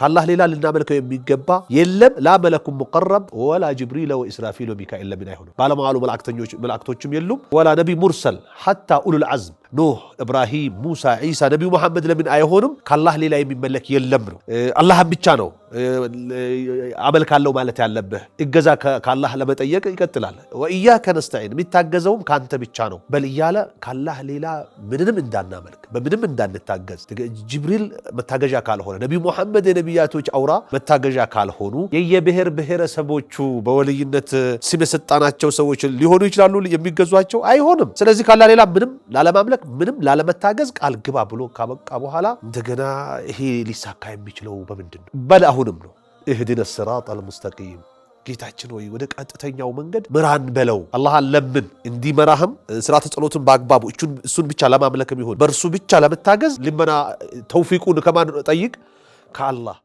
ከአላህ ሌላ ልናመልከው የሚገባ የለም። ላ መለኩም ሙቀረብ ወላ ጅብሪል ወኢስራፊል ወሚካኤል ለምን አይሆንም? ባለመዋሉ መላእክተኞች መላእክቶችም የሉም። ወላ ነቢ ሙርሰል ሐታ ኡሉል አዝም። ኖህ፣ እብራሂም፣ ሙሳ፣ ዒሳ፣ ነቢዩ መሐመድ ለምን አይሆንም? ከአላህ ሌላ የሚመለክ የለም ነው። አላህም ብቻ ነው አመልካለው ማለት ያለብህ። እገዛ ከአላህ ለመጠየቅ ይቀጥላል። ወኢያከ ነስተዒን የሚታገዘውም ከአንተ ብቻ ነው በል እያለ ከአላህ ሌላ ምንም እንዳናመልክ በምንም እንዳንታገዝ። ጅብሪል መታገዣ ካልሆነ ነቢዩ ሙሐመድ የነቢያቶች አውራ መታገዣ ካልሆኑ የየብሔር ብሔረሰቦቹ በወልይነት ስም የሰጣናቸው ሰዎች ሊሆኑ ይችላሉ የሚገዟቸው አይሆንም። ስለዚህ ከአላህ ሌላ ምንም ላለማምለክ ምንም ላለመታገዝ ቃል ግባ ብሎ ካበቃ በኋላ እንደገና ይሄ ሊሳካ የሚችለው በምንድን ነው በል አሁንም ነው እህድነ ስራጥ አልሙስተቂም ጌታችን ወይ ወደ ቀጥተኛው መንገድ ምራን በለው። አላህን ለምን እንዲመራህም ስርዓተ ጸሎትን በአግባቡ እሱን ብቻ ለማምለክም ይሆን በእርሱ ብቻ ለመታገዝ ልመና ተውፊቁን ከማን ጠይቅ? ከአላህ